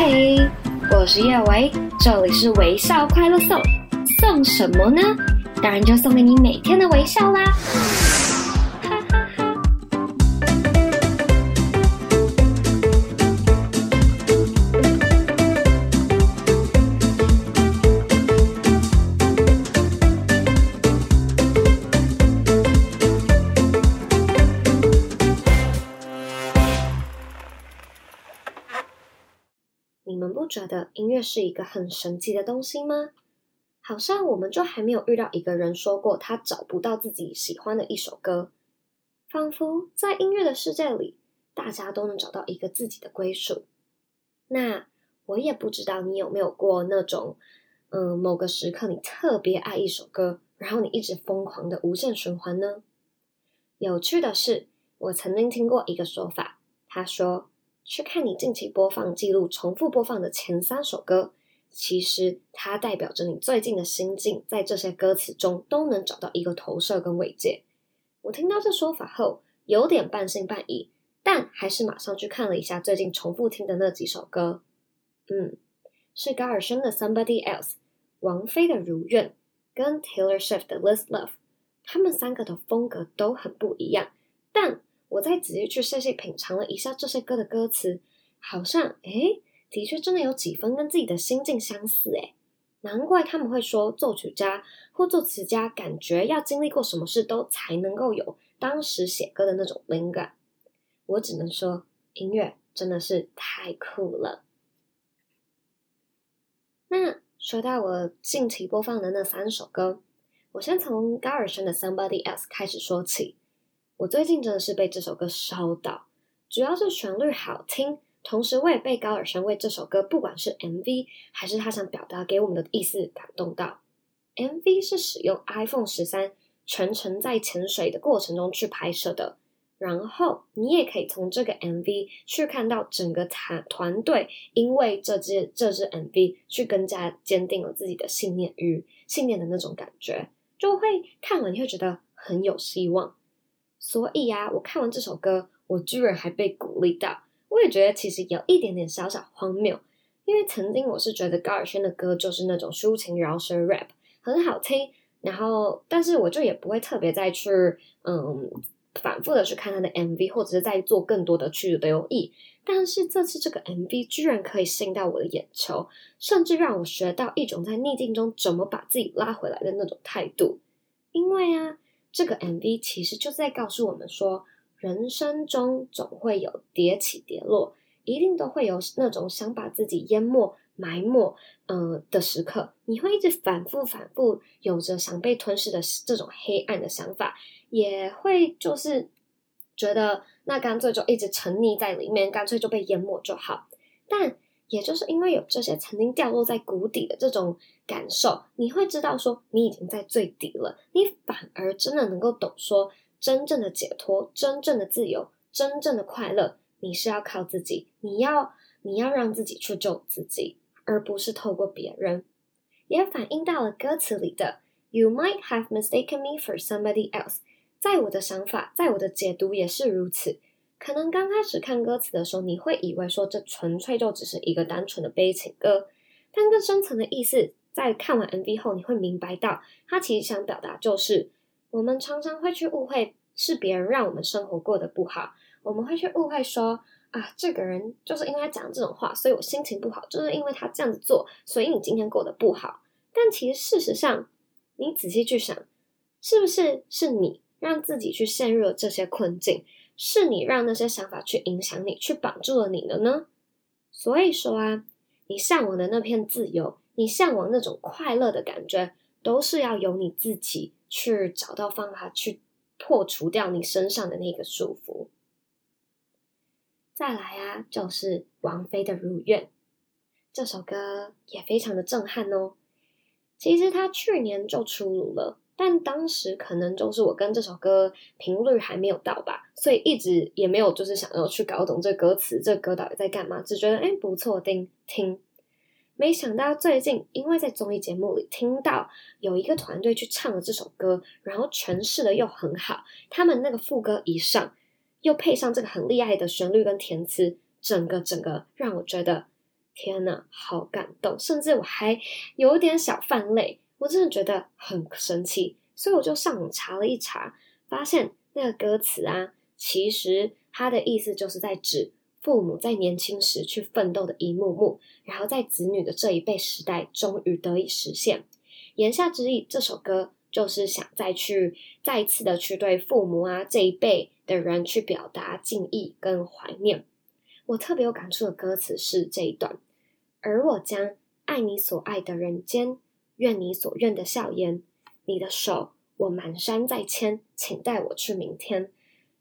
嘿、hey，我是葉維，這裡是微笑快樂送，送什麼呢？當然就送給你每天的微笑啦。覺得音樂是一個很神奇的東西嗎？好像我們就還沒有遇到一個人說過他找不到自己喜歡的一首歌，仿佛在音樂的世界裡，大家都能找到一個自己的歸屬。那我也不知道你有沒有過那種，嗯、呃，某個時刻你特別愛一首歌，然後你一直瘋狂的無限循環呢？有趣的是，我曾經聽過一個說法，他說。去看你近期播放記錄，重複播放的前三首歌，其實它代表着你最近的心境，在這些歌詞中都能找到一個投射跟慰藉。我聽到這說法後，有點半信半疑，但還是馬上去看了一下最近重複聽的那幾首歌。嗯，是高爾宣的《Somebody Else》，王菲的《如願》，跟 Taylor Swift 的《This Love》，他們三個的風格都很不一樣，但。我再仔細去細細品嚐了一下這些歌的歌詞，好像哎，的確真的有幾分跟自己的心境相似。誒，難怪他們會說作曲家或作詞家感覺要經歷過什麼事都才能夠有當時寫歌的那種靈感。我只能說，音樂真的是太酷了。那說到我近期播放的那三首歌，我先從高爾 n 的《Somebody Else》開始說起。我最近真的是被這首歌燒到，主要是旋律好聽，同時我也被高爾宣為這首歌，不管是 MV 還是他想表達給我們的意思，感動到。MV 是使用 iPhone 十三全程在潛水的過程中去拍攝的，然後你也可以從這個 MV 去看到整個團團隊因為這支這支 MV 去更加堅定了自己的信念與信念的那種感覺，就會看完你會覺得很有希望。所以啊，我看完這首歌，我居然還被鼓勵到。我也覺得其實有一點點小小荒謬，因為曾經我是覺得高爾宣的歌就是那種抒情饒舌 rap，很好聽。然後，但是我就也不會特別再去嗯反覆的去看他的 MV，或者是在做更多的去留意。但是這次這個 MV 居然可以吸引到我的眼球，甚至讓我學到一種在逆境中怎麼把自己拉回來的那種態度。因為啊。這個 MV 其實就在告訴我們說，人生中總會有跌起跌落，一定都會有那種想把自己淹沒、埋沒，嗯、呃、的時刻。你會一直反復、反復，有着想被吞噬的這種黑暗的想法，也會就是覺得那乾脆就一直沉溺在裡面，乾脆就被淹沒就好。但也就是因為有這些曾經掉落在谷底的這種感受，你會知道說你已經在最底了，你反而真的能夠懂說真正的解脫、真正的自由、真正的快樂，你是要靠自己，你要你要讓自己去救自己，而不是透過別人。也反映到了歌詞裡的 "You might have mistaken me for somebody else"。在我的想法，在我的解讀也是如此。可能剛開始看歌詞的時候，你會以為說這純粹就只是一個單純的悲情歌，但更深層的意思，在看完 MV 後，你會明白到，他其實想表達就是，我們常常會去誤會，是別人讓我們生活過得不好，我們會去誤會說，啊，這個人就是因為他講這種話，所以我心情不好，就是因為他這樣子做，所以你今天過得不好。但其實事實上，你仔細去想，是不是是你讓自己去陷入了這些困境？是你讓那些想法去影響你，去綁住了你的呢？所以說啊，你向往的那片自由，你向往那種快樂的感覺，都是要由你自己去找到方法去破除掉你身上的那個束縛。再來啊，就是王菲的《如願》這首歌也非常的震撼哦。其實它去年就出爐了。但當時可能就是我跟這首歌頻率還沒有到吧，所以一直也沒有就是想要去搞懂這歌詞，這歌到底在幹嘛，只覺得誒、哎、不錯聽聽。沒想到最近因為在綜藝節目裡聽到有一個團隊去唱了這首歌，然後詮釋的又很好，他們那個副歌一上，又配上這個很厲害的旋律跟填詞，整個整個讓我覺得天吶，好感動，甚至我還有點小泛淚。我真的覺得很神奇，所以我就上網查了一查，發現那個歌詞啊，其實它的意思就是在指父母在年輕時去奮鬥的一幕幕，然後在子女的這一輩時代終於得以實現。言下之意，這首歌就是想再去再一次的去對父母啊這一輩的人去表達敬意跟懷念。我特別有感觸的歌詞是這一段：“而我將愛你所愛的人間。”願你所願的笑顏，你的手我滿山在牽，請帶我去明天。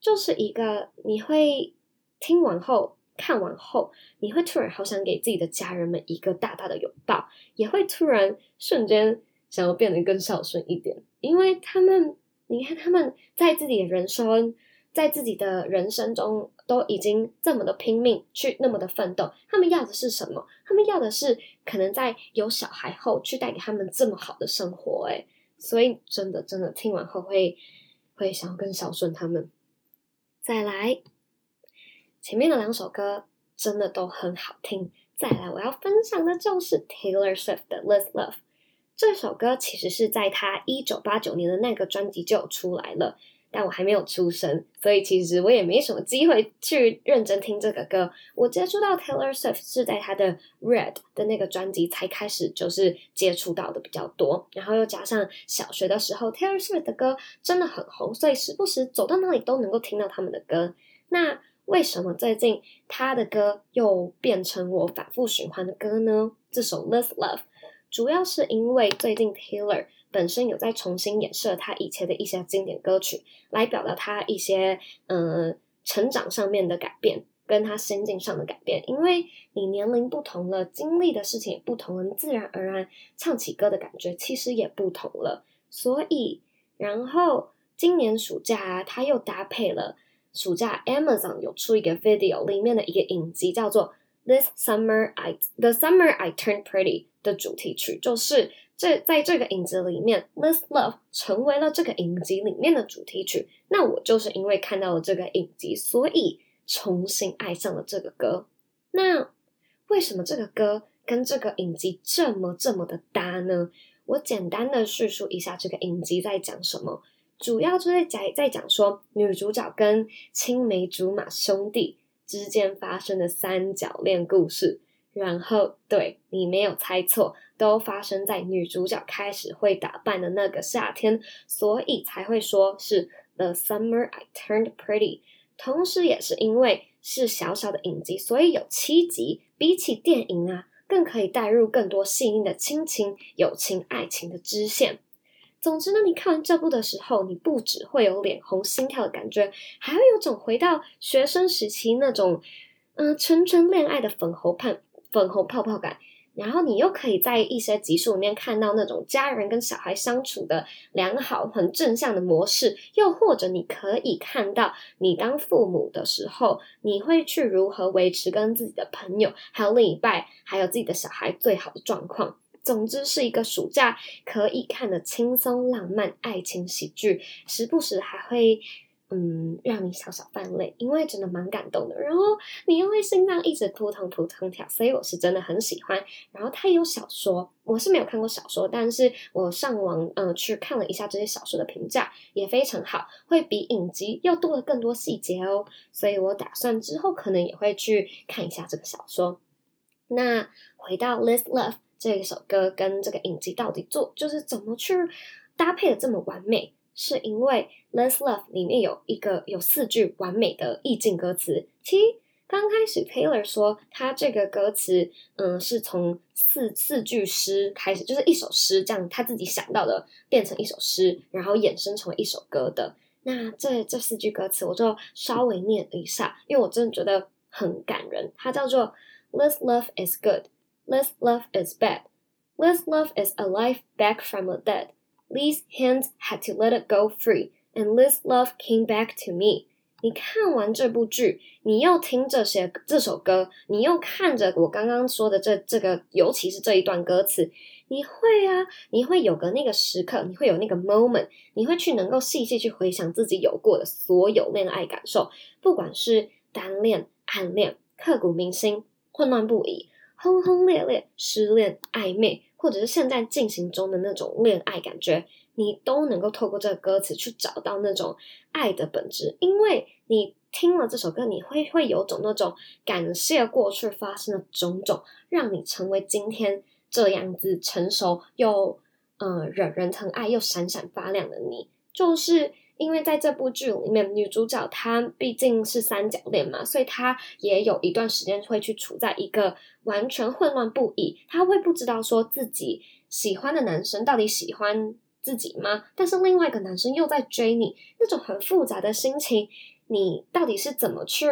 就是一個你會聽完後、看完後，你會突然好想給自己的家人們一個大大的擁抱，也會突然瞬間想要變得更孝順一點，因為他們，你看他們在自己的人生，在自己的人生中。都已經這麼的拼命去那麼的奮鬥，他們要的是什麼？他們要的是可能在有小孩後去帶給他們這麼好的生活，欸，哎，所以真的真的聽完後會會想要跟小順他們再來。前面的兩首歌真的都很好聽，再來我要分享的就是 Taylor Swift 的《This Love》。這首歌其實是在他一九八九年的那個專輯就出來了。但我還沒有出生，所以其實我也沒什麼機會去認真聽這個歌。我接觸到 Taylor Swift 是在他的 Red 的那個專輯才開始，就是接觸到的比較多。然後又加上小學的時候，Taylor Swift 的歌真的很紅，所以時不時走到哪裡都能夠聽到他們的歌。那為什麼最近他的歌又變成我反覆循環的歌呢？這首 This Love 主要是因為最近 Taylor。本身有在重新演繹了他以前的一些經典歌曲，來表達他一些嗯、呃、成長上面的改變，跟他心境上的改變。因為你年齡不同了，經歷的事情也不同了，自然而然唱起歌的感覺其實也不同了。所以，然後今年暑假、啊、他又搭配了暑假 Amazon 有出一個 video 裡面的一個影集，叫做 This Summer I The Summer I Turned Pretty 的主題曲，就是。這在這個影集裡面，《This Love》成為了這個影集裡面的主題曲。那我就是因為看到了這個影集，所以重新愛上了這個歌。那為什麼這個歌跟這個影集這麼這麼的搭呢？我簡單的敘述一下這個影集在講什麼，主要就是在講在講說女主角跟青梅竹馬兄弟之間發生的三角戀故事。然後，對，你沒有猜錯。都發生在女主角開始會打扮的那個夏天，所以才會說是 The Summer I Turned Pretty。同時，也是因為是小小的影集，所以有七集，比起電影啊，更可以帶入更多細膩的親情、友情、愛情的支線。總之呢，你看完這部的時候，你不只會有臉紅心跳的感覺，還會有種回到學生時期那種嗯、呃，純純戀愛的粉紅泡粉紅泡泡感。然後你又可以在一些集數裡面看到那種家人跟小孩相處的良好、很正向的模式，又或者你可以看到你當父母的時候，你會去如何維持跟自己的朋友、還有另一半、還有自己的小孩最好的狀況。總之是一個暑假可以看的輕鬆、浪漫、愛情喜劇，時不時還會。嗯，讓你小小犯累，因為真的蠻感動的。然後你又會心臟一直撲通撲通跳，所以我是真的很喜歡。然後它也有小說，我是沒有看過小說，但是我上網嗯、呃、去看了一下這些小說的評價也非常好，會比影集要多了更多細節哦。所以我打算之後可能也會去看一下這個小說。那回到《This Love》這首歌跟這個影集到底做就是怎麼去搭配的這麼完美？是因為《This Love》裡面有一個有四句完美的意境歌詞。其剛開始 Taylor 說，他這個歌詞嗯、呃、是從四四句詩開始，就是一首詩這樣他自己想到的，變成一首詩，然後衍生成為一首歌的。那這這四句歌詞，我就稍微念了一下，因為我真的覺得很感人。它叫做《This Love Is Good》，《This Love Is Bad》，《This Love Is Alive Back From The Dead》。Liz's hands had to let it go free, and Liz's love came back to me。你看完這部劇，你又聽這些這首歌，你又看着我剛剛說的這這個，尤其是這一段歌詞，你會啊，你會有個那個時刻，你會有那個 moment，你會去能夠細細去回想自己有過的所有戀愛感受，不管是單戀、暗戀、刻骨銘心、混亂不已、轟轟烈烈、失戀、曖昧。或者是現在進行中的那種戀愛感覺，你都能夠透過這個歌詞去找到那種愛的本質，因為你聽了這首歌，你會會有種那種感謝過去發生的種種，讓你成為今天這樣子成熟又嗯、呃、惹人疼愛又閃閃發亮的你，就是。因為在這部劇裡面，女主角她畢竟是三角戀嘛，所以她也有一段時間會去處在一個完全混亂不已。她會不知道說自己喜歡的男生到底喜歡自己嗎？但是另外一個男生又在追你，那種很複雜的心情，你到底是怎麼去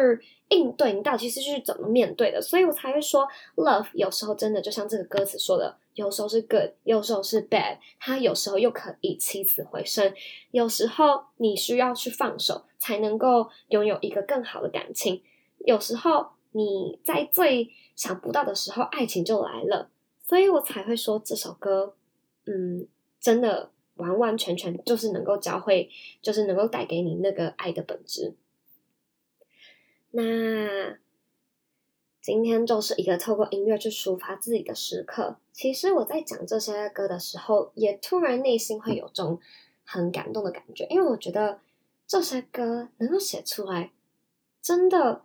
應對？你到底是去怎麼面對的？所以我才會說，love 有時候真的就像這個歌詞說的。有時候是 good，有時候是 bad，它有時候又可以起死回生。有時候你需要去放手，才能夠擁有一個更好的感情。有時候你在最想不到的時候，愛情就來了。所以我才會說這首歌，嗯，真的完完全全就是能夠教會，就是能夠帶給你那個愛的本質。那。今天就是一個透過音樂去抒發自己的時刻。其實我在講這些歌的時候，也突然內心會有種很感動的感覺，因為我覺得這些歌能夠寫出來，真的，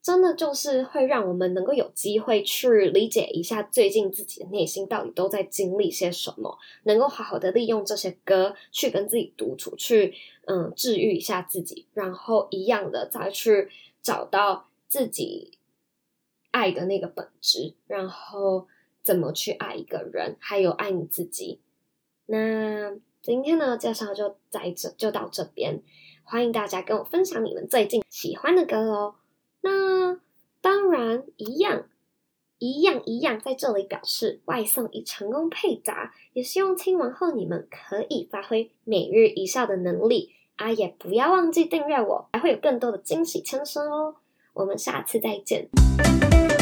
真的就是會讓我們能夠有機會去理解一下最近自己的內心到底都在經歷些什麼，能夠好好的利用這些歌去跟自己獨處，去嗯治癒一下自己，然後一樣的再去找到自己。愛的那個本質，然後怎麼去愛一個人，還有愛你自己。那今天呢，介紹就在這，就到這邊。歡迎大家跟我分享你們最近喜歡的歌哦。那當然，一樣，一樣，一樣，在這裡表示外送已成功配達。也希望聽完後你們可以發揮每日一笑的能力啊，也不要忘記訂閱我，還會有更多的驚喜籤聲哦。我們下次再見。